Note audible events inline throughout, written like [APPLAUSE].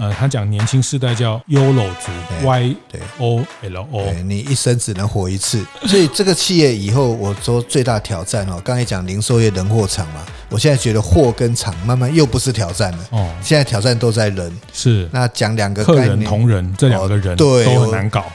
呃，他講年輕世代叫 YOLO 族、欸、對，Y O、L、O 對 O L O，你一生只能活一次，所以這個企業以後我說最大挑戰哦。剛才講零售業人貨場嘛，我現在覺得貨跟場慢慢又不是挑戰了，哦，現在挑戰都在人。是，那講兩個客人同仁，這兩個人都很難搞。哦、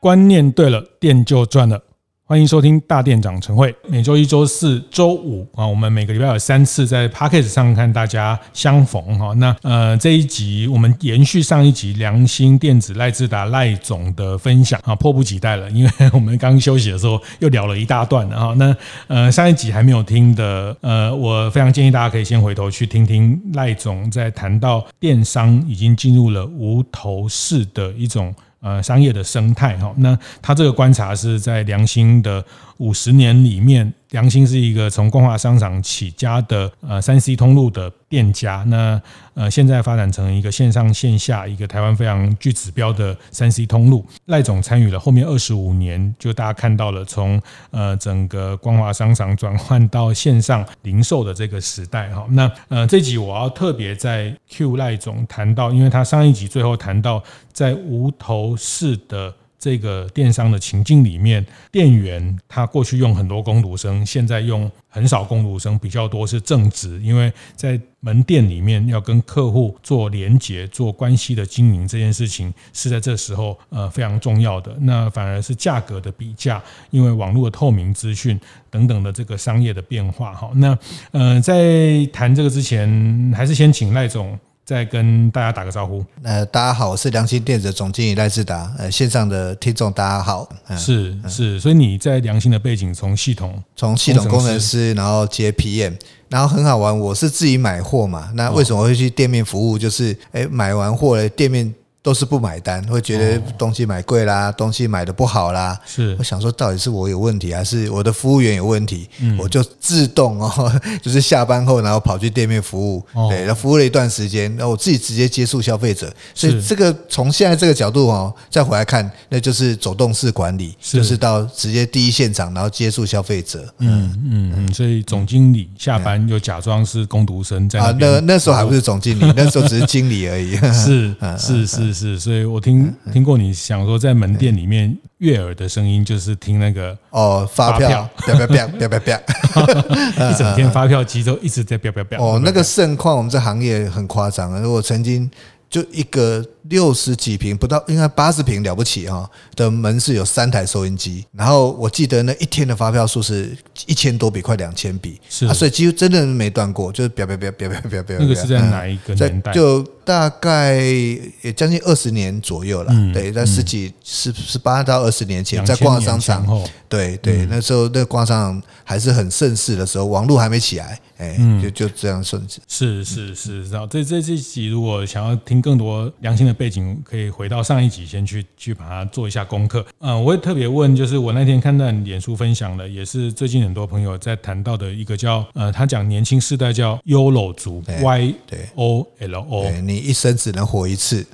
觀念對了，店就賺了。歡迎收聽大店長會客室，每周一、周四、周五啊，我們每個禮拜有三次在 Podcast 上看大家相逢哈。那呃，這一集我們延續上一集良興電子賴志達賴總的分享啊，迫不及待了，因為我們剛休息的時候又聊了一大段哈。那呃，上一集還沒有聽的呃，我非常建議大家可以先回頭去聽聽賴總在談到電商已經進入了無頭市的一種。呃，商業的生態哈，那他這個觀察是在良興的五十年裡面，良興是一個從光華商場起家的呃 3C 通路的店家，那呃，現在發展成一個線上線下，一個台灣非常具指標的三 C 通路。賴總參與了後面二十五年，就大家看到了，從呃整個光華商場轉換到線上零售的這個時代。哈，那呃這集我要特別在 Q 賴總談到，因為他上一集最後談到在無頭市的。這個電商的情境裡面，店員他過去用很多工讀生，現在用很少工讀生，比較多是正職，因為在門店裡面要跟客戶做連接、做關係的經營這件事情是在這時候呃非常重要的。那反而是價格的比價，因為網絡的透明資訊等等的這個商業的變化哈。那嗯、呃，在談這個之前，還是先請賴總。再跟大家打個招呼。呃，大家好，我是良興電子總經理賴志達。呃，線上的聽眾大家好，嗯、是是。所以你在良興的背景，從系統，從系統工程師，程師然後接 PM，然後很好玩。我是自己買貨嘛，那為什麼會去店面服務？就是，誒、欸，買完貨，店面。都是不買單，會覺得東西買貴啦，東西買的不好啦。是，我想說，到底是我有問題，還是我的服務員有問題？嗯、我就自動哦，就是下班後，然後跑去店面服務，對，然後服務了一段時間，那我自己直接接觸消費者。哦、所以這個從現在這個角度哦，再回來看，那就是走動式管理，是，就是到直接第一現場，然後接觸消費者。嗯嗯嗯，嗯嗯所以總經理下班就假裝是工讀生在啊，那那時候還不是總經理， [LAUGHS] 那時候只是經理而已。是 [LAUGHS] 是是。是是是是，所以我聽聽過你想說在門店裡面悅耳的聲音，就是聽那個哦，發票， [LAUGHS] 一整天發票機都一直在標標標。哦，那個盛況，我們這行業很誇張啊！我曾經就一個六十幾坪，不到應該八十坪了不起啊、哦、的門市，有三台收銀機，然後我記得那一天的發票數是一千多筆，快兩千筆，是、啊，所以幾乎真的沒斷過，就是標標標標標標標。那個是在哪一個年代？嗯、就。大概也將近二十年左右了，對，在十幾十十八到二十年前，在逛商場，對對，那時候那個、逛商場還是很盛世的時候，網絡還沒起來，哎，嗯、就就這樣順勢。是是是，然後這這這集如果想要聽更多良興的背景，可以回到上一集先去去把它做一下功課。嗯、呃，我也特別問，就是我那天看到你臉書分享的，也是最近很多朋友在談到的一個叫呃，他講年輕世代叫 YOLO 族，對，Y O L O。L o 對你一生只能活一次，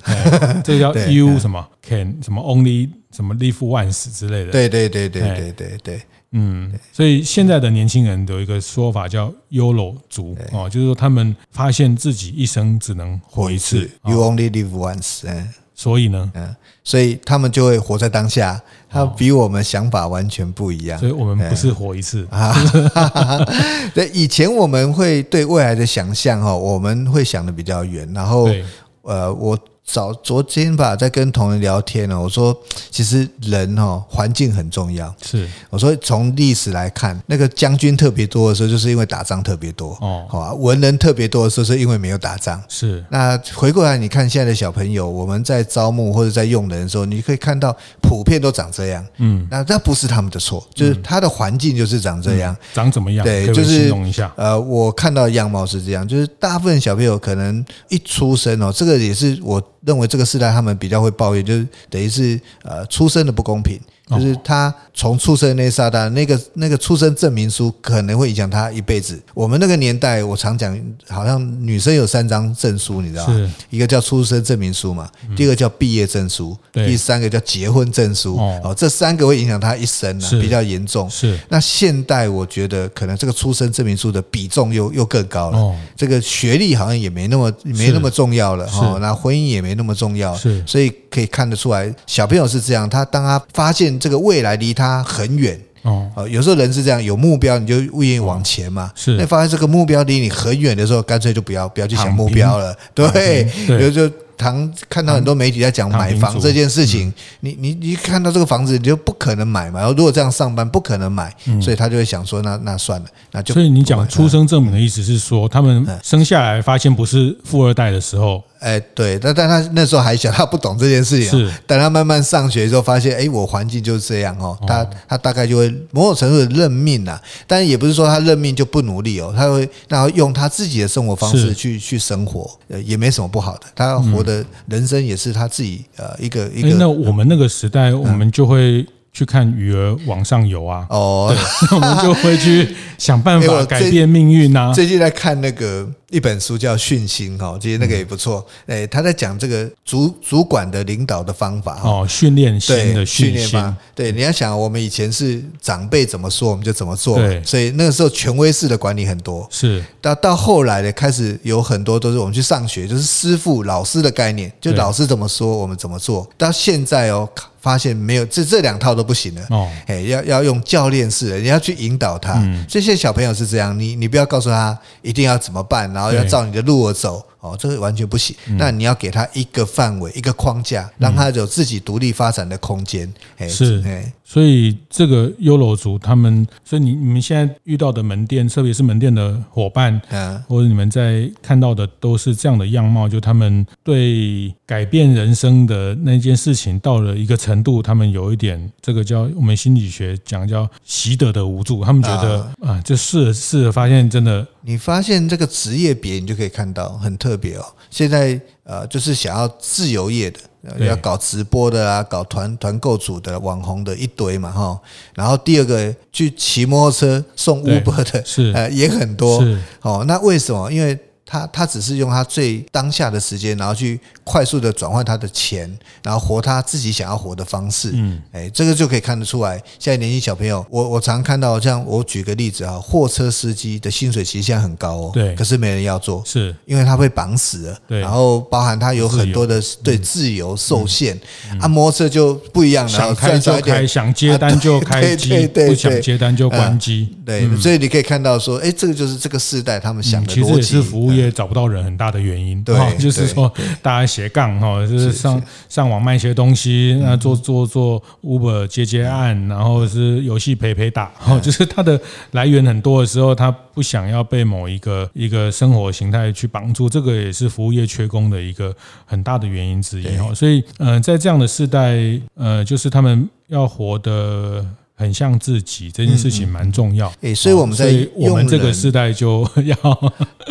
這叫 “you 什麼對 can 什麼 only 什麼 live once” 之類的。對對，對對對對對對對，嗯，對所以現在的年輕人有一個說法叫 “YOLO 族對、哦”就是說他們發現自己一生只能活一次，活一次，“you only live once”、哦。所以呢，嗯，所以他們就會活在當下，他比我們想法完全不一樣。哦、所以我們不是活一次、嗯、啊哈哈哈哈。對，以前我們會對未來的想象哈，我們會想的比較遠。然後，對呃，我。早昨天吧，在跟同仁聊天呢，我說其實人哦，環境很重要。是，我說從歷史來看，那個將軍特別多的時候，就是因為打仗特別多哦。好啊，文人特別多的時候，是因為沒有打仗。是。那回過來，你看現在的小朋友，我們在招募或者在用人的時候，你可以看到普遍都長這樣。嗯。那那不是他們的錯，就是他的環境就是長這樣。嗯嗯、長怎麼樣？對，就是呃，我看到的樣貌是這樣，就是大部分小朋友可能一出生哦，這個也是我。認為這個世代他們比較會抱怨，就是等於是呃出生的不公平。就是他從出生那一剎那，那個那個出生證明書可能會影響他一輩子。我們那個年代，我常講，好像女生有三張證書，你知道嗎？一個叫出生證明書嘛，第二個叫畢業證書，第三個叫結婚證書。哦，這三個會影響他一生，啊，比較嚴重。是。那現代，我覺得可能這個出生證明書的比重又又更高了。這個學歷好像也沒那麼沒那麼重要了。然後。那婚姻也沒那麼重要。所以。可以看得出來，小朋友是這樣。他當他發現這個未來離他很遠，哦、呃，有時候人是這樣，有目標你就願意往前嘛。哦、是那發現這個目標離你很遠的時候，乾脆就不要不要去想目標了。躺平，對，比如、嗯、就常看到很多媒體在講買房這件事情，嗯、你你你看到這個房子你就不可能買嘛。然後如果這樣上班不可能買，嗯、所以他就會想說那，那那算了，那就。所以你講出生證明的意思是說，嗯、他們生下來發現不是富二代的時候。哎，對，但但他那時候還小，他不懂這件事情。是，等他慢慢上學的時候，發現，哎，我環境就是這樣哦。哦，他他大概就會某種程度的認命啊，但也不是說他認命就不努力哦，他會然後用他自己的生活方式去是去生活，也沒什麼不好的。他活的人生也是他自己、嗯、呃一個一個。那我們那個時代，嗯、我們就會去看魚兒往上游啊。哦，那我們就會去想辦法改變命運吶、啊。最近在看那個，一本書叫《訓心》哈，其實那個也不錯。哎、嗯欸，他在講這個主主管的領導的方法哦，訓練新的訓練嗎。對，嗎嗯、對，你要想，我們以前是長輩怎麼說我們就怎麼做，對所以那個時候權威式的管理很多。是。到到後來呢，開始有很多都是我們去上學，就是師傅老師的概念，就老師怎麼說我們怎麼做。對到現在哦，發現沒有這這兩套都不行了。哦。哎、欸，要要用教練式的，你要去引導他。嗯。所以現在小朋友是這樣，你你不要告訴他一定要怎麼辦呢？然後要照你的路走。哦，這個完全不行。嗯、那你要給他一個範圍，一個框架，讓他有自己獨立發展的空間。哎、嗯，嘿是，哎嘿，所以這個 YOLO 族他們，所以你你們現在遇到的門店，特別是門店的夥伴，啊，或者你們在看到的都是這樣的樣貌，就他們對改變人生的那件事情到了一個程度，他們有一點這個叫我們心理學講叫習得的無助，他們覺得啊，啊，就試了試了，發現真的。你發現這個職業別，你就可以看到很特。特別哦，現在呃，就是想要自由業的，要搞直播的啊，搞團團購主的網紅的一堆嘛哈。然後第二個去騎摩托車送 Uber 的，呃，也很多。好是，那為什麼？因為。他他只是用他最當下的時間，然後去快速的轉換他的錢，然後活他自己想要活的方式。嗯，哎，這個就可以看得出來，現在年輕小朋友，我我常看到，像我舉個例子啊，貨車司機的薪水其實現在很高哦，對，可是沒人要做，是因為他被綁死了，對，然後包含他有很多的對自由受限，啊，摩托車就不一樣了，想開就開，想接單就開機，不想接單就關機，對，所以你可以看到說，哎，這個就是這個世代他們想的邏輯。業找不到人很大的原因，對、哦，就是說大家斜槓哈、哦，就是上上網賣一些東西，那做做做 Uber 接接案，對然後是遊戲陪陪打對、哦，就是他的來源很多的時候，他不想要被某一個一個生活形態去綁住，這個也是服務業缺工的一個很大的原因之一哈對、哦。所以，嗯、呃，在這樣的時代，呃，就是他們要活得。很像自己這件事情蠻重要誒、嗯嗯，欸，所以我們在我們這個時代就要，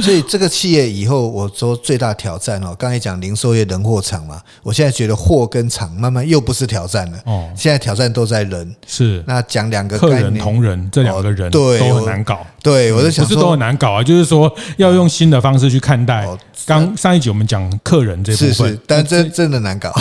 所以這個企業以後我說最大挑戰哦，剛才講零售業人貨場嘛，我現在覺得貨跟場慢慢又不是挑戰了哦，嗯、現在挑戰都在人是。那講兩個概念，客人、同仁，這兩個人、哦、對都很難搞。對，我在想說、嗯、不是都很難搞啊，就是說要用新的方式去看待。剛、哦、上一集我們講客人這部分，是是但真真的難搞。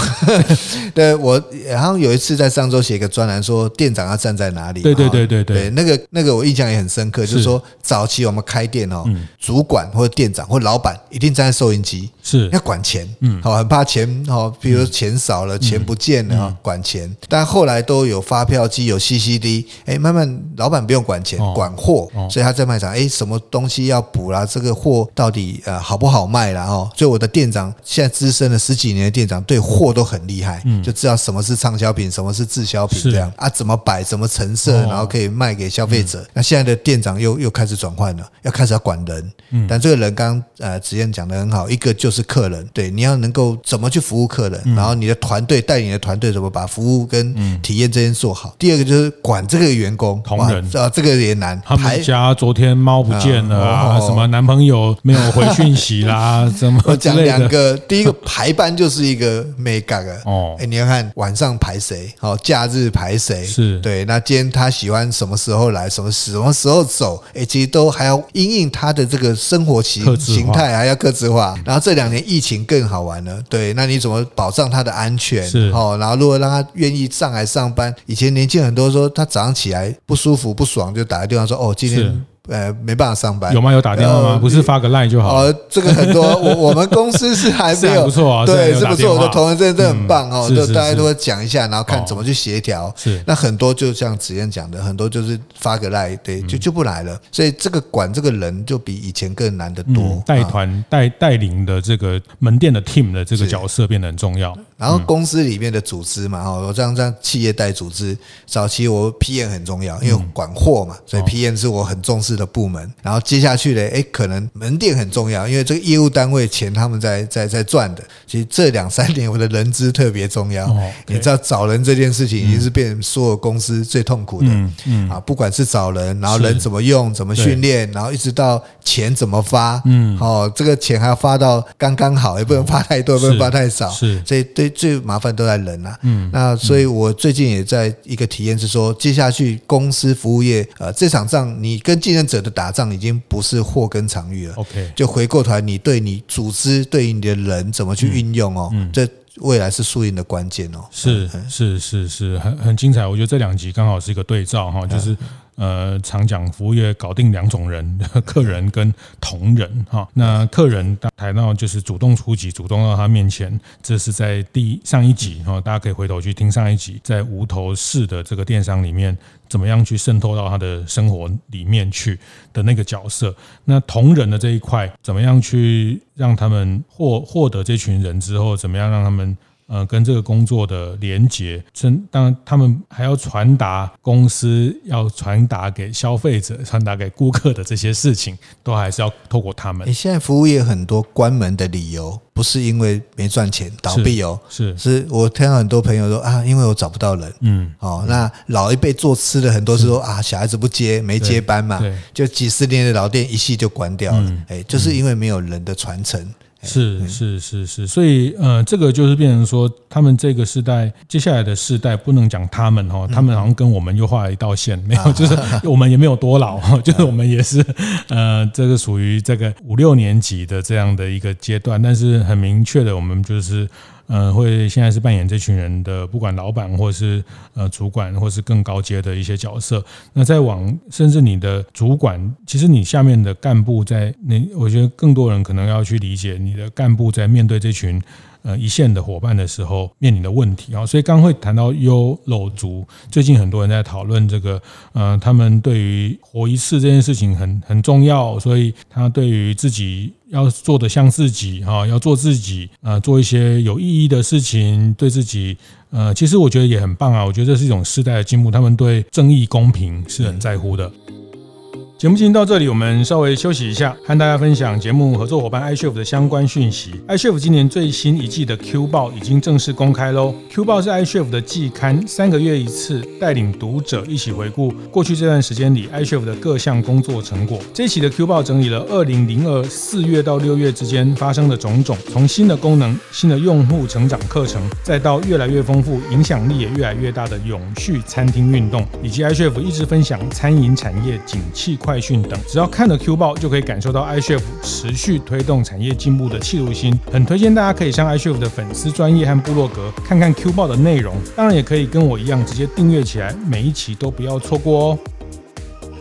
[LAUGHS] 對我然後有一次在上週寫一個專欄說店長要在。在哪裡？對對對對對，那個那個我印象也很深刻，就是說早期我們開店哦，主管或者店長或老板一定站在收銀機，是要管錢，好很怕錢哦，比如錢少了、錢不見了哈，管錢。但後來都有發票機、有 CCD，哎，慢慢老板不用管錢，管貨，所以他在賣場哎，什麼東西要補啦？這個貨到底呃好不好賣啦。哦？所以我的店長現在資深了十幾年的店長，對貨都很厲害，就知道什麼是暢銷品，什麼是滯銷品這樣啊，怎麼擺怎麼。什麼成色，然後可以賣給消費者。那現在的店長又又開始轉換了，要開始要管人。但這個人剛呃，之前講得很好，一個就是客人，對，你要能夠怎麼去服務客人，然後你的團隊帶你的團隊怎麼把服務跟體驗這些做好。第二個就是管這個員工同仁，這這個也難。他們家昨天貓不見了啊，什麼男朋友沒有回訊息啦，怎麼講兩個，第一個排班就是一個 mega 哦，哎，你要看晚上排誰，好，假日排誰，是對。那今天他喜歡什麼時候來，什麼什麼時候走？哎、欸，其實都還要因應他的這個生活形形態，還要客製化。然後這兩年疫情更好玩了，對，那你怎麼保障他的安全？是，哦，然後如果讓他願意上來上班，以前年輕很多說他早上起來不舒服不爽，就打個電話說哦今天。呃，沒辦法上班有嗎？有打電話嗎？不是發個 line 就好？哦，這個很多，我我們公司是還沒有不錯啊，對，是不錯，我的同仁真的很棒哦，就大家都講一下，然後看怎麼去協調。是，那很多就像子燕講的，很多就是發個 line，對，就就不來了。所以這個管這個人就比以前更難得多。帶團帶帶領的這個門店的 team 的這個角色變得很重要。然後公司裡面的組織嘛，哦，我這樣這樣，企業帶組織，早期我 PM 很重要，因為管貨嘛，所以 PM 是我很重視的部門。然後接下去呢，哎，可能門店很重要，因為這個業務單位錢他們在在在賺的。其實這兩三年我的人資特別重要，哦 okay，你知道找人這件事情已經是變成所有公司最痛苦的，嗯，嗯啊，不管是找人，然後人怎麼用，怎麼訓練，然後一直到錢怎麼發，嗯哦，這個錢還要發到剛剛好，也不能發太多，嗯，也不能發太少，是所以對。最麻煩都在人吶、啊，嗯，那所以我最近也在一個體驗是說，嗯、接下去公司服務業，呃，這場仗你跟競爭者的打仗已經不是貨跟場域了，OK，就回過頭來，你對你組織，對於你的人怎麼去運用哦，嗯嗯、這未來是輸贏的關鍵哦，是是是是很很精彩，我覺得這兩集剛好是一個對照哈，嗯、就是。呃，常講服務業搞定兩種人，客人跟同仁哈。那客人談到就是主動出擊，主動到他面前，這是在第上一集哈，大家可以回頭去聽上一集，在無頭市的這個電商裡面，怎麼樣去滲透到他的生活裡面去的那個角色。那同仁的這一塊，怎麼樣去讓他們獲獲得這群人之後，怎麼樣讓他們。呃，跟這個工作的連結，當然他們還要傳達公司要傳達給消費者、傳達給顧客的這些事情，都還是要透過他們。你現在服務業很多關門的理由，不是因為沒賺錢倒閉哦，是是，是我聽到很多朋友說啊，因為我找不到人，嗯，哦，那老一輩做吃的很多時候，對啊，小孩子不接，沒接班嘛，對對，就幾十年的老店一氣就關掉了，嗯、哎，就是因為沒有人的傳承。嗯嗯是是是是，所以呃，這個就是變成說，他們這個時代接下來的世代，不能講他們哈，他們好像跟我們又畫了一道線，沒有，就是我們也沒有多老，就是我們也是呃，這個屬於這個五六年級的這樣的一個階段，但是很明確的，我們就是。嗯、呃，會現在是扮演這群人的，不管老闆或是呃主管，或是更高階的一些角色。那再往，甚至你的主管，其實你下面的幹部在那，我覺得更多人可能要去理解你的幹部在面對這群，呃，一線的夥伴的時候面臨的問題啊，所以剛會談到 YOLO 族最近很多人在討論這個，呃，他們對於活一次這件事情很很重要，所以他對於自己要做得像自己哈，要做自己，啊，做一些有意義的事情，對自己，呃，其實我覺得也很棒啊，我覺得這是一種時代的進步，他們對正義公平是很在乎的。節目進行到這裡，我們稍微休息一下，和大家分享節目合作夥伴 iCHEF 的相關訊息。iCHEF 今年最新一季的 Q 報已經正式公開嘍。Q 報是 iCHEF 的季刊，三個月一次，帶領讀者一起回顧過去這段時間裡 iCHEF 的各項工作成果。這一期的 Q 報整理了二零零二四月到六月之間發生的種種，從新的功能、新的用戶成長課程，再到越來越豐富、影響力也越來越大的永續餐廳運動，以及 iCHEF 一直分享餐飲產業景氣快快訊等，只要看了 Q 報，就可以感受到 iCHEF 持續推動產業進步的企圖心。很推薦大家可以向 iCHEF 的粉絲、專頁和部落格看看 Q 報的內容。當然，也可以跟我一樣直接訂閱起來，每一期都不要錯過哦。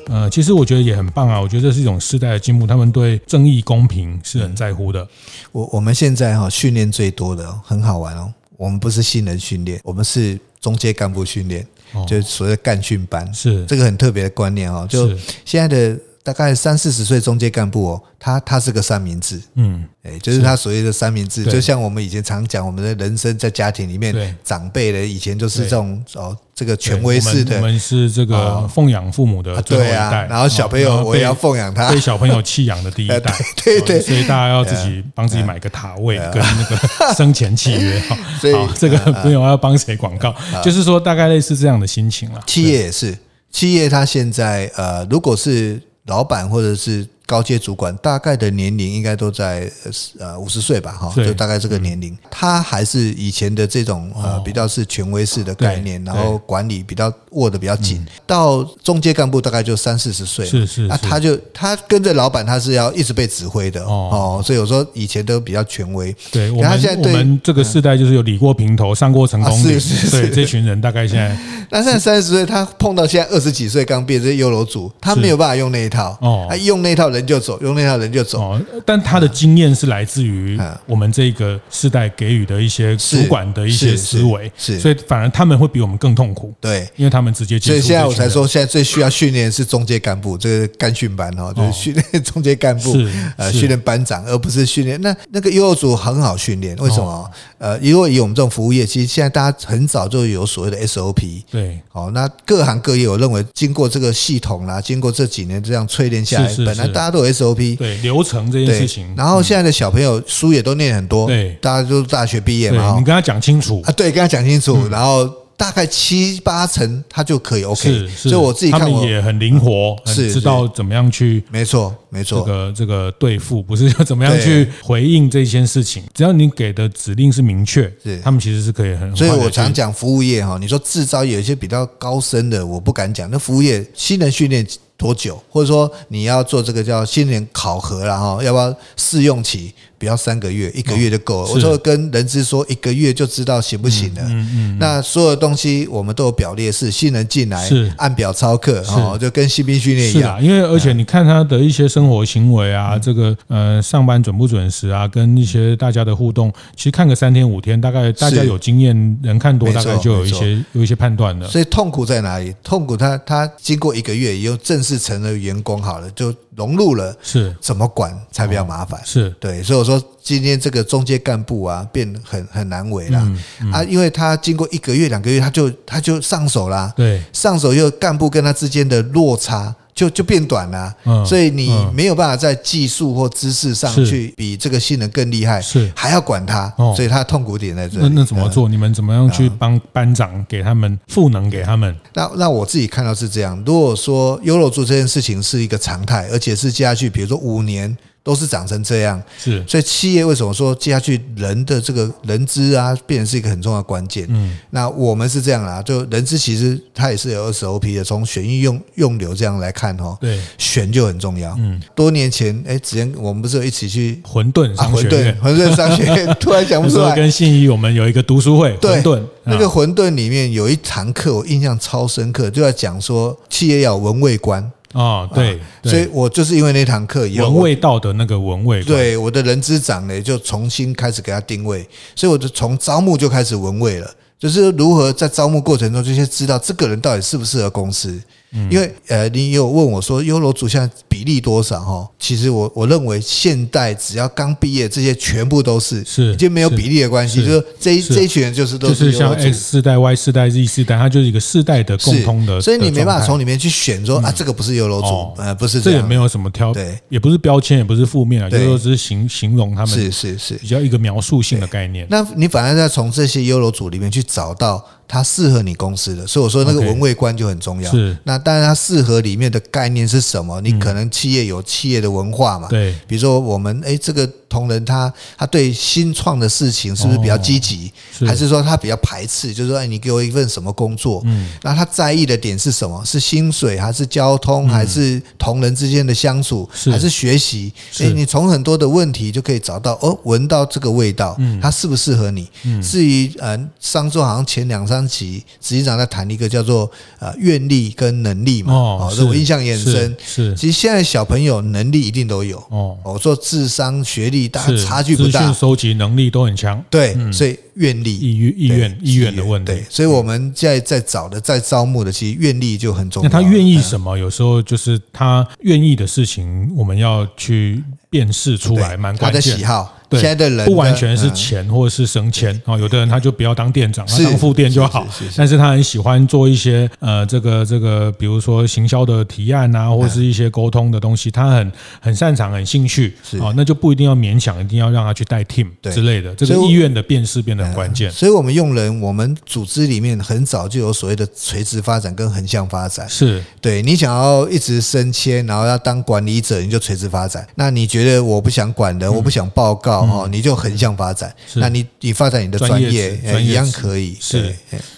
呃，其實我覺得也很棒啊。我覺得這是一種時代的進步，他們對正義公平是很在乎的。我我們現在哈訓練最多的，很好玩哦。我們不是新人訓練，我們是中階幹部訓練。就所謂的幹訓班，是、哦、這個很特別的觀念哦。就現在的。大概三四十歲中階幹部哦，他他是個三明治，嗯，哎、欸，就是他所謂的三明治，就像我們以前常講，我們的人生在家庭裡面，對長輩的以前就是這種對哦，這個權威式的，我們，我們是這個奉養父母的最後一代，對啊，然後小朋友我也要奉養他，被小朋友棄養的第一代，對對、對，所以大家要自己幫自己買個塔位跟那個生前契約哈 [LAUGHS] 以，這個不用要幫誰廣告，就是說大概類似這樣的心情了。企業也是，企業他現在呃，如果是。老闆，或者是高階主管大概的年齡應該都在呃五十歲吧，哈，就大概這個年齡，他還是以前的這種呃比較是權威式的概念，然後管理比較握得比較緊。到中階幹部大概就三四十歲，是是，啊，他就他跟着老板，他是要一直被指揮的哦哦，所以有時候以前都比較權威，對我們我們這個世代就是有理過平頭上過成功，是是，對這群人大概現在，那現在三十歲，他碰到現在二十幾歲剛畢業這些 YOLO 族，他沒有辦法用那一套，他用那套人，就走，用那套人就走，哦。但他的經驗是來自於我們這個世代給予的一些主管的一些思維，是是是是，所以反而他們會比我們更痛苦。對，因為他們直接，接。所以現在我才說，現在最需要訓練的是中介幹部，這個幹訓班哈，就是訓練中介幹部，哦、呃訓練班長，而不是訓練。那那個幼幼組很好訓練，為什麼？哦、呃，因為以我們這種服務業，其實現在大家很早就有所謂的 SOP。對，哦，那各行各業，我認為經過這個系統啦、啊，經過這幾年這樣淬煉下來，本來大。大家都有 SOP，對流程這件事情。然後現在的小朋友書也都念很多，對，大家都大學畢業嘛，你跟他講清楚啊，對，跟他講清楚。然後大概七八成他就可以 OK，是，所以我自己看他們也很靈活，是知道怎麼樣去，沒錯，沒錯，這個這個對付不是要怎麼樣去回應這些事情，只要你給的指令是明確，是，他們其實是可以很。所以我常講服務業哈，你說製造業有一些比較高深的，我不敢講，那服務業新人訓練。多久，或者說你要做這個叫新人考核了哈？要不要試用期？不要三個月，一個月就夠了。嗯、我說跟人資說一個月就知道行不行了。嗯嗯。嗯嗯，那所有的東西我們都有表列是，是新人進來是按表操課，然是、哦、就跟新兵訓練一樣。是啊，因為而且你看他的一些生活行為啊，嗯、這個呃上班準不準時啊，跟一些大家的互動，其實看個三天五天，大概大家有經驗是人看多，大概就有一些，錯有，一些有一些判斷了。所以痛苦在哪裡？痛苦他他經過一個月也有正式。是成了員工好了，就融入了，是怎麼管才比較麻煩、哦？是對，所以我說今天這個中階幹部啊，變很很難為了、嗯嗯、啊，因為他經過一個月兩個月，他就他就上手啦，對，上手又幹部跟他之間的落差，就就變短了、啊，嗯、所以你沒有辦法在技術或知識上去比這個新人更厲害，是還要管他，哦、所以他痛苦點在這裡。那那怎麼做？嗯、你們怎麼樣去幫班長給他們賦能給他們？那那我自己看到是這樣。如果說 YOLO 做這件事情是一個常態，而且是接下去，比如說五年。都是長成這樣，是，所以企業為什麼說接下去人的這個人資啊，變成是一個很重要關鍵。嗯，那我們是這樣啦，就人資其實它也是有 SOP 的，從選育用用留這樣來看哦。對，選就很重要。嗯，多年前哎，之前我們不是有一起去混沌商學院，啊、混沌商學院突然講不出來。跟信義我們有一個讀書會，對、嗯、那個混沌裡面有一堂課，我印象超深刻，就在講說企業要聞味官。啊、哦，對，對啊，所以我就是因為那堂課以後，聞味道的那個聞味，對我的人資長呢，就重新開始給他定位，所以我就從招募就開始聞味了，就是如何在招募過程中，就先知道這個人到底適不適合公司。因為呃，你有問我說 YOLO 族現在比例多少哈？其實我我認為現代只要剛畢業，這些全部都是是，就沒有比例的關係，就是這一這一群人就是都是像 X 世代、Y 世代、Z 世代，它就是一個世代的共通的，所以你沒辦法從裡面去選說，啊，這個不是 YOLO 族，呃，不是這也沒有什麼挑對，也不是標籤，也不是負面啊，就是只是形形容他們，是是是比較一個描述性的概念。那你反而在從這些 YOLO 族裡面去找到，他適合你公司的，所以我說那個聞味觀就很重要。是，那當然他適合裡面的概念是什麼？你可能企業有企業的文化嘛。對，比如說我們哎，這個同仁他他對新創的事情是不是比較積極，還是說他比較排斥？就是說哎，你給我一份什麼工作？嗯，那他在意的點是什麼？是薪水還是交通還是同仁之間的相處還是學習？所以你從很多的問題就可以找到哦，聞到這個味道，他適不適合你？至於嗯上週好像前兩三。其實際上在談一個叫做呃，願力跟能力嘛，哦，所以我印象也很深。是，其實現在小朋友能力一定都有哦，哦，說智商、學歷大差距不大，收集能力都很強。對，所以願力意意願意願的問題，對，所以我們現在在找的在招募的，其實願力就很重要。那他願意什麼？有時候就是他願意的事情，我們要去。辨識出來蠻關鍵的喜好，對現在的人不完全是錢或者是升遷哦，有的人他就不要當店長，他當副店就好。但是他很喜歡做一些呃這個這個，比如說行銷的提案啊，或是一些溝通的東西，他很很擅長，很興趣哦，那就不一定要勉強，一定要讓他去帶 team 之類的。這個意願的辨識變得很關鍵。所以我們用人，我們組織裡面很早就有所謂的垂直發展跟橫向發展。是。對，你想要一直升遷，然後要當管理者，你就垂直發展。那你覺得？覺得我不想管的，嗯、我不想報告哈，嗯、你就橫向發展。是那你你發展你的專業，專業一樣可以，是是是是。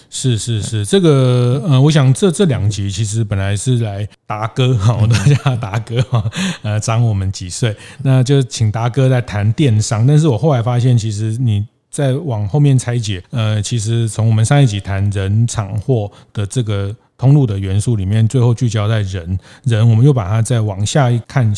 是是是嗯、這個呃，我想這這兩集其實本來是來達哥哈，我都叫他達哥哈，呃、啊，長我們幾歲，那就請達哥來談電商。但是我後來發現，其實你再往後面拆解，呃，其實從我們上一集談人、場、貨的這個通路的元素裡面，最後聚焦在人，人，我們又把它再往下一看。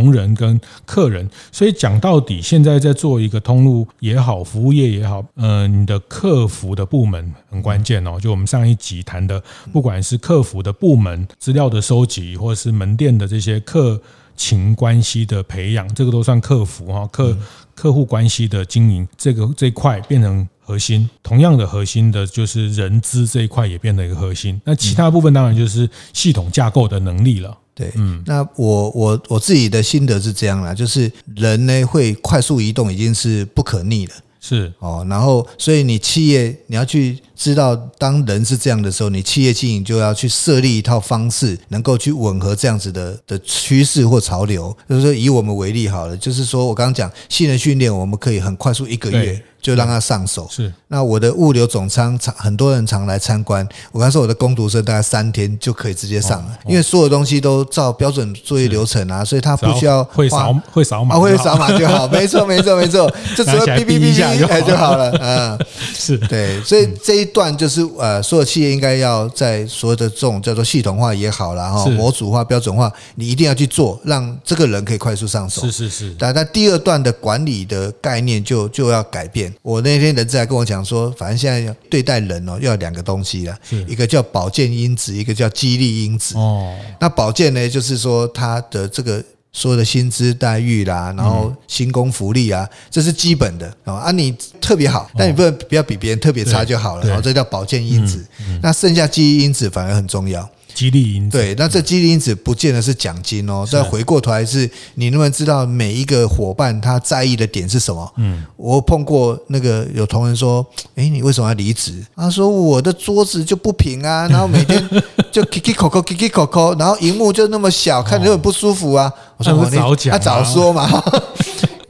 同仁跟客人，所以講到底，現在在做一個通路也好，服務業也好，嗯，你的客服的部門很關鍵哦。就我們上一集談的，不管是客服的部門資料的收集，或者是門店的這些客情關係的培養，這個都算客服哈、喔，客客戶關係的經營，這個這一塊變成核心。同樣的，核心的就是人資這一塊也變成一個核心。那其他部分當然就是系統架構的能力了。對，嗯，那我我我自己的心得是這樣啦，就是人呢會快速移動，已經是不可逆了，是哦，然後所以你企業你要去。知道當人是這樣的時候，你企業經營就要去設立一套方式，能夠去吻合這樣子的的趨勢或潮流。就是說，以我們為例好了，就是說我剛剛講新人訓練，我們可以很快速一個月就讓他上手。是。那我的物流總倉常很多人常來參觀。我剛說我的工讀生大概三天就可以直接上了，哦哦、因為所有東西都照標準作業流程啊，嗯、所以他不需要會掃會掃碼、啊、會掃碼就好。沒錯沒錯沒錯，就只要嗶嗶嗶就好了。嗯，是的對，所以、嗯、這一。一段就是呃，所有企業應該要在所有的這種叫做系統化也好了哈，是模組化、標準化，你一定要去做，讓這個人可以快速上手。是是是。但那第二段的管理的概念就就要改變。我那天人資跟我講說，反正現在對待人哦，要兩個東西啦，是一個叫保健因子，一個叫激勵因子。哦。那保健呢，就是說它的這個。說的薪資待遇啦，然後薪工福利啊，這是基本的。啊，你特別好，但你不能，不要比別人特別差就好了。然後這叫保健因子，嗯嗯、那剩下激勵因子反而很重要。激勵因子，對，那這激勵因子不見得是獎金哦。再回過頭來，是你能不能知道每一個夥伴他在意的點是什麼？嗯，我碰過那個有同仁說，誒、欸、你為什麼要離職？他說我的桌子就不平啊，然後每天就 K K 口口 K K 口口，然後螢幕就那麼小，看着就很不舒服啊。哦、我說早講、啊哦、你早講，他、啊、早說嘛。 [LAUGHS]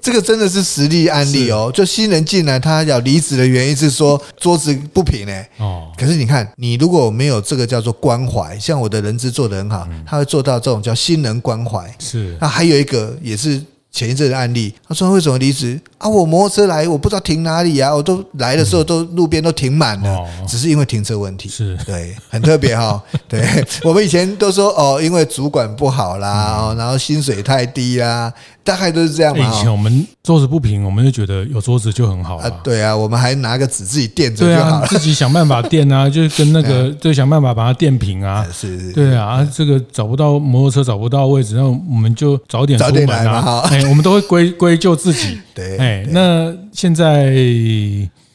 這個真的是實例案例哦，就新人進來，他要離職的原因是說桌子不平誒、欸、可是你看你如果沒有這個叫做關懷，像我的人資做得很好，他會做到這種叫新人關懷。是，那還有一個也是前一陣的案例，他說為什麼離職？啊，我摩托車來，我不知道停哪裡啊！我都來的時候都路邊都停滿了，只是因為停車問題。是、哦哦、對，很特別哈。對，我們以前都說哦，因為主管不好啦，然後薪水太低啊，大概都是這樣啊。以前我們桌子不平，我們就覺得有桌子就很好了，啊。對啊，我們還拿個紙自己墊着就好。自己想辦法墊啊，就是跟那個就想辦法把它墊平啊。是。對啊，啊，這個找不到摩托車找不到位置，那我們就早點早點來啊。哎，我們都會歸歸咎自己。對。哎，那現在，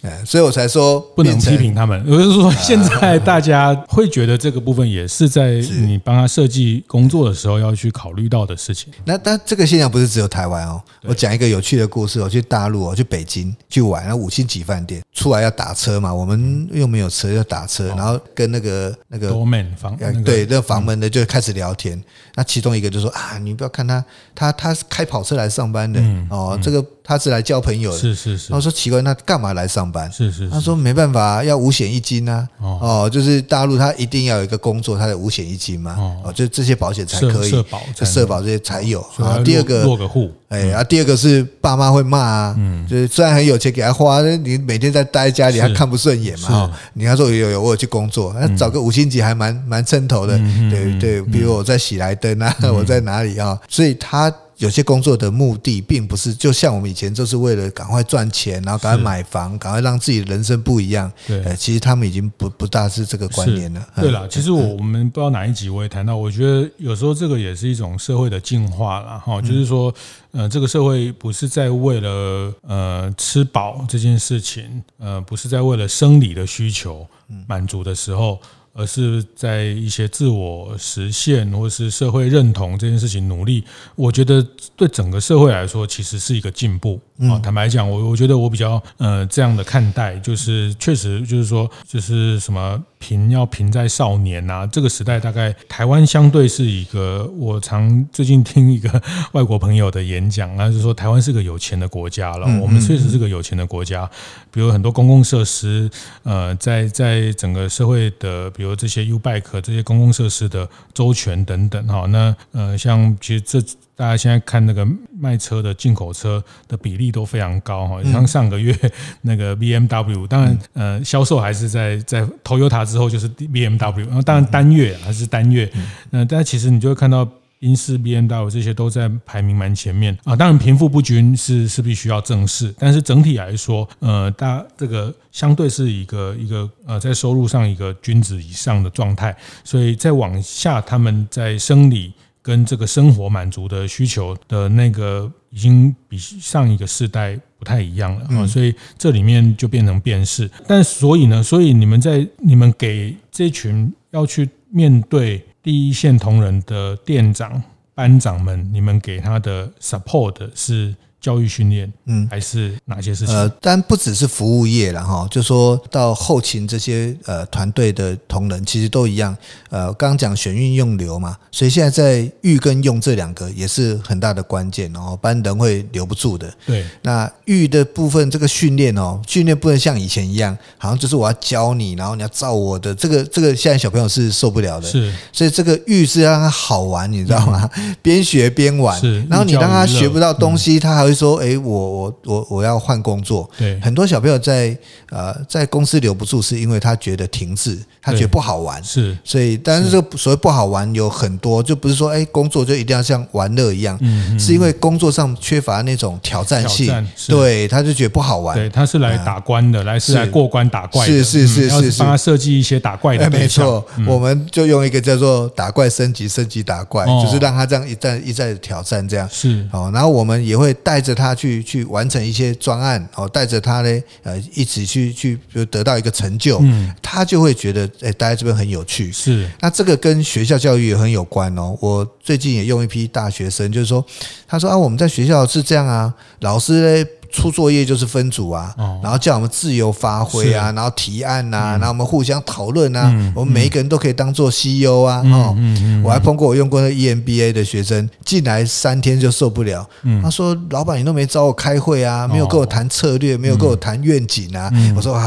哎，所以我才說不能批評他們。我就是說，現在大家會覺得這個部分也是在你幫他設計工作的時候要去考慮到的事情。那但這個現象不是只有台灣哦。我講一個有趣的故事，我去大陸，我去北京去玩，然後五星級飯店出來要打車嘛，我們又沒有車要打車，然後跟那個那個房門對那個房門的就開始聊天。那其中一個就說啊，你不要看他，他他是開跑車來上班的、嗯、哦，這個。他是來交朋友的，是是是。他說奇怪，那幹嘛來上班？是是。他說沒辦法，要五險一金啊。哦，就是大陸他一定要有一個工作，他的五險一金嘛。哦，就這些保險才可以，社保，社保這些才有啊。第二個落個戶，哎，然後第二個是爸媽會罵啊，就是雖然很有錢給他花，你每天在待在家裡，他看不順眼嘛。哦，你要說有有，我有去工作，找個五星級還蠻蠻稱頭的，對對。比如我在喜來登啊，我在哪裡啊？所以他。有些工作的目的並不是，就像我們以前就是為了趕快賺錢，然後趕快買房，趕是快讓自己的人生不一樣。對、呃，其實他們已經不不大是這個觀念了。對了，嗯、其實我我們不知道哪一集我也談到，嗯、我覺得有時候這個也是一種社會的進化了哈。就是說，呃，這個社會不是在為了呃吃飽這件事情，呃，不是在為了生理的需求滿足的時候。而是在一些自我實現或是社會認同這件事情努力，我覺得對整個社會來說其實是一個進步。嗯、坦白講，我我覺得我比較呃這樣的看待，就是確實就是說就是什麼貧要貧在少年啊。這個時代大概台灣相對是一個，我常最近聽一個外國朋友的演講啊，就是說台灣是個有錢的國家了。嗯、我們確實是個有錢的國家，嗯嗯、比如很多公共設施，呃，在在整個社會的。比如這些 UBIKE 這些公共設施的周全等等，哈，那呃，像其實這，大家現在看那個賣車的進口車的比例都非常高，哈，像上個月那個 BMW、嗯、當然呃，銷售還是在在 Toyota 之後就是 BMW，然後當然單月、嗯、還是單月，那大家其實你就會看到。英式 BNW，這些都在排名蠻前面啊。當然，貧富不均是是必須要正視，但是整體來說，呃，大這個相對是一個一個呃，在收入上一個均值以上的狀態，所以再往下，他們在生理跟這個生活滿足的需求的那個已經比上一個世代不太一樣了啊。所以這裡面就變成變式，但所以呢，所以你們在你們給這群要去面對第一線同仁的店長、班長們，你們給他的 support 是？教育訓練，嗯，還是哪些事情？嗯、呃，當然不只是服務業了哈、哦，就說到後勤這些呃團隊的同仁，其實都一樣。呃，剛講選運用留嘛，所以現在在育跟用這兩個也是很大的關鍵，哦。班不然人會留不住的。對，那育的部分這個訓練哦，訓練不能像以前一樣，好像就是我要教你，然後你要照我的這個，這個現在小朋友是受不了的，是，所以這個育是要讓他好玩，你知道嗎？邊、嗯、學邊玩，是，然後你讓他學不到東西，嗯、他還。說哎，我我我我要換工作。對，很多小朋友在，呃在公司留不住，是因為他覺得停滯，他覺得不好玩。是，所以但是這個所謂不好玩有很多，就不是說哎工作就一定要像玩樂一樣，是因為工作上缺乏那種挑戰性。對，他就覺得不好玩。對，他是來打怪的，來是來過關打怪。是是是是，要幫他設計一些打怪的。沒錯，我們就用一個叫做打怪升級，升級打怪，就是讓他這樣一再一再挑戰這樣。是，好，然後我們也會帶。帶着他去去完成一些專案哦，帶着他呢，呃，一起去去得到一個成就，嗯，他就會覺得哎，待在這邊很有趣。是，那這個跟學校教育也很有關哦。我最近也用一批大學生，就是說，他說啊，我們在學校是這樣啊，老師嘞。出作業就是分組啊，然後叫我們自由發揮啊，然後提案吶、啊，然後我們互相討論啊，嗯嗯、我們每一個人都可以當做 CEO 啊，嗯嗯、哦，我還碰過我用過那 EMBA 的學生進來三天就受不了，嗯、他說：“老闆，你都沒找我開會啊，沒有跟我談策略，沒有跟我談願景啊。嗯”我說啊：“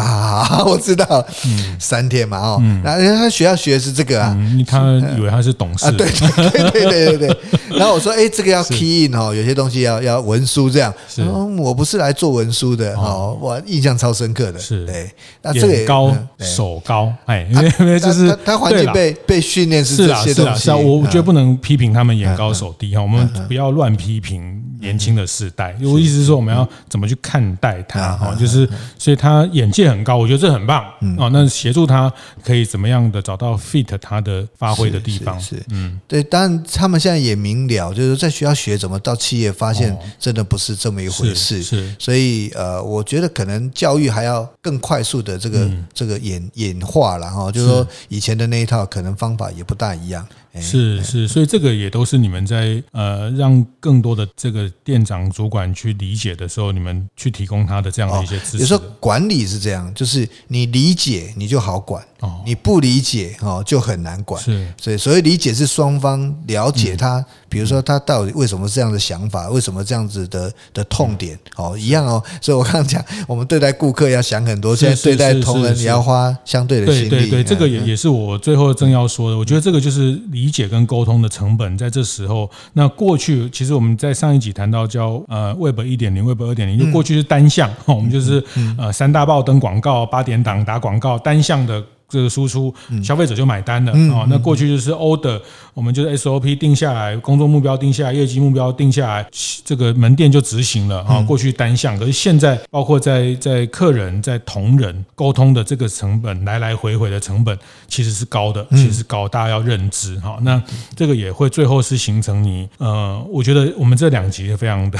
啊，我知道，嗯、三天嘛，哦，然後、嗯、他學校學的是這個啊，啊、嗯，他以為他是董事啊，對對對對對對，對， [LAUGHS] 然後我說：哎、欸，這個要 key in 哦，有些東西要要文書這樣，是我不是。”是來做文書的哦，我印象超深刻的。是，對，那眼高手高，哎，因為因為就是他環境被被訓練是是啦是啦，是啊，我覺得不能批評他們眼高手低哈，我們不要亂批評年輕的世代。我意思是說，我們要怎麼去看待他哈？就是，所以他眼界很高，我覺得這很棒。嗯，哦，那協助他可以怎麼樣的找到 fit 他的發揮的地方？是，嗯，對。當然，他們現在也明了，就是在學校學怎麼到企業發現，真的不是這麼一回事。是。所以，呃，我覺得可能教育還要更快速的這個、嗯、這個演演化了哈、哦，就是說以前的那一套可能方法也不大一樣。是是，所以這個也都是你們在呃讓更多的這個店長主管去理解的時候，你們去提供他的這樣的一些支持的、哦。比如說管理是這樣，就是你理解你就好管，哦、你不理解哦就很難管。是，所以所以理解是雙方了解他，嗯、比如說他到底為什麼這樣的想法，為什麼這樣子的的痛點哦一樣哦。所以我剛講，我們對待顧客要想很多，現在對待同仁也要花相對的精力。對對對，這個也也是我最後正要說的。我覺得這個就是理。理解跟溝通的成本，在這時候，那過去其實我們在上一集談到叫呃 Web 一點零、Web 二點零，就過去是單向，嗯、我們就是、嗯嗯、呃三大報登廣告、八點檔打廣告，單向的。這個輸出，消費者就買單了啊、嗯哦！那過去就是 order，、嗯嗯、我們就是 SOP 定下來，工作目標定下來，業績目標定下來，這個門店就執行了啊、哦！過去單向，可是現在包括在在客人在同仁溝通的這個成本，來來回回的成本其實是高的，其實是高，大家要認知哈、哦。那這個也會最後是形成你呃，我覺得我們這兩集非常的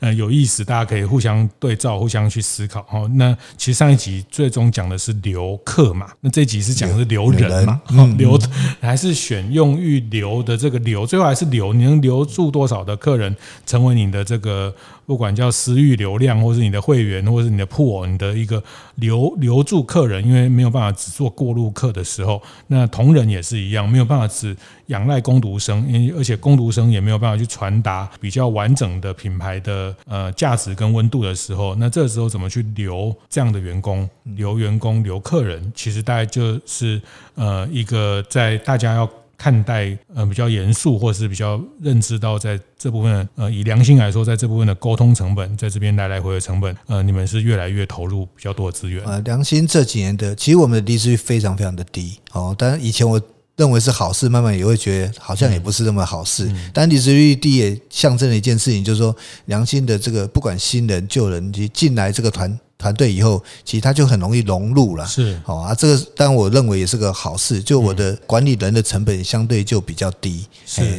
呃有意思，大家可以互相對照，互相去思考。好、哦，那其實上一集最終講的是留客嘛，那這。即是講的是留人留，留，人嗎？嗯嗯留還是選用預留的這個留，最後還是留，你能留住多少的客人成為你的這個。不管叫私域流量，或是你的會員，或是你的鋪，你的一個留，留住客人，因為沒有辦法只做過路客的時候，那同仁也是一樣，沒有辦法只仰賴工讀生，因而且工讀生也沒有辦法去傳達比較完整的品牌的呃價值跟溫度的時候，那這時候怎麼去留這樣的員工，留員工，留客人，其實大概就是呃一個在大家要。看待呃，比較嚴肅，或是比較認知到在這部分呃，以良興來說，在這部分的溝通成本，在這邊來來回回成本，呃，你們是越來越投入比較多的資源呃，良興這幾年的，其實我們的離職率非常非常的低哦。但是以前我認為是好事，慢慢也會覺得好像也不是那麼好事。嗯嗯。但離職率低也象徵了一件事情，就是說良興的這個不管新人舊人，其實進來這個團。團隊以後，其實他就很容易融入了。是，好啊，這個但我認為也是個好事。就我的管理人的成本相對就比較低。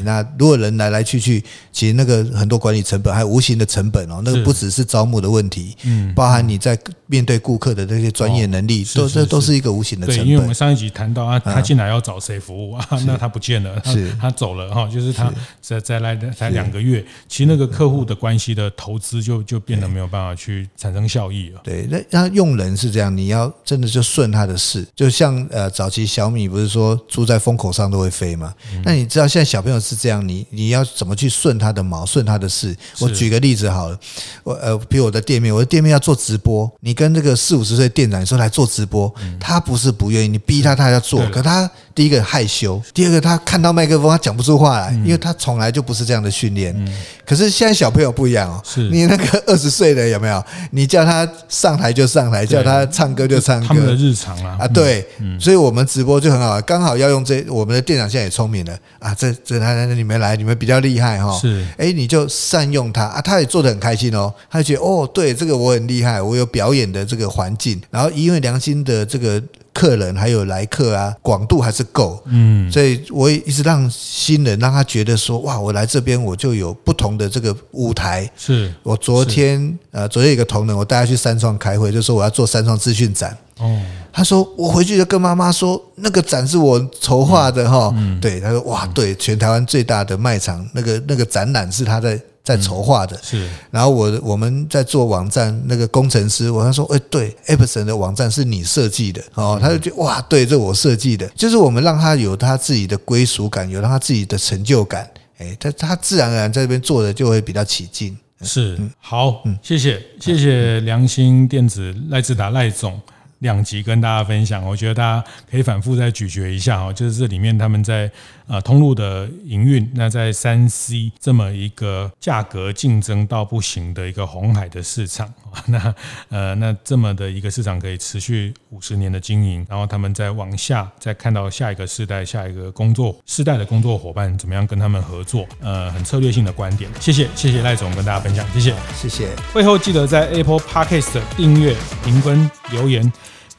那如果人來來去去，其實那個很多管理成本還有無形的成本哦，那個不只是招募的問題，嗯，包含你在面對顧客的這些專業能力，都這都是一個無形的成本。對，因為我們上一集談到啊，他進來要找誰服務啊，那他不見了，是，他走了哈，就是他再才來才兩個月，其實那個客戶的關係的投資就就變得沒有辦法去產生效益了。對，那讓用人是這樣，你要真的就順他的事，就像呃，早期小米不是說豬在風口上都會飛嗎？嗯、那你知道現在小朋友是這樣，你你要怎麼去順他的毛，順他的事。是我舉個例子好了，我呃，比如我的店面，我的店面要做直播，你跟這個四五十歲店長說來做直播，嗯、他不是不願意，你逼他他要做，了可他。第一個害羞，第二個他看到麥克風他講不出話來，嗯、因為他從來就不是這樣的訓練。嗯、可是現在小朋友不一樣哦，是你那個二十歲的有沒有？你叫他上台就上台，對叫他唱歌就唱歌。唱歌的日常啦、嗯、啊啊，對，嗯、所以我們直播就很好，剛好要用這。我們的店長現在也聰明了啊，這這他那你們來，你們比較厲害哈、哦。是，哎，欸、你就善用他啊，他也做得很開心哦，他就覺得哦，對，這個我很厲害，我有表演的這個環境。然後因為良興的這個。客人還有來客啊，廣度還是夠，嗯，所以我也一直讓新人讓他覺得說，哇，我來這邊我就有不同的這個舞台。是，我昨天是呃，昨天一個同仁，我帶他去三創開會，就說我要做三創資訊展。哦，他說我回去就跟媽媽說，那個展是我籌劃的哈。嗯、吼對，他說哇，對，全台灣最大的賣場，那個那個展覽是他在。在籌劃的、嗯，是，然後我我們在做網站那個工程師，我跟他說，哎、欸，對，Epson 的網站是你設計的，哦，他就覺得，哇，對，這我設計的，就是我們讓他有他自己的歸屬感，有他自己的成就感，哎，他他自然而然在這邊做的就會比較起勁。嗯、是，好，嗯、謝謝謝謝良興電子賴志達賴總兩集跟大家分享，我覺得大家可以反復再咀嚼一下哦，就是這裡面他們在。啊、呃，通路的營運，那在 3C 這麼一個價格競爭到不行的一個紅海的市場，那呃，那這麼的一個市場可以持續五十年的經營，然後他們再往下再看到下一個世代，下一個工作世代的工作夥伴怎麼樣跟他們合作，呃，很策略性的觀點。謝謝，謝謝賴總跟大家分享，謝謝，謝謝。會後記得在 Apple Podcast 訂閱、評分、留言。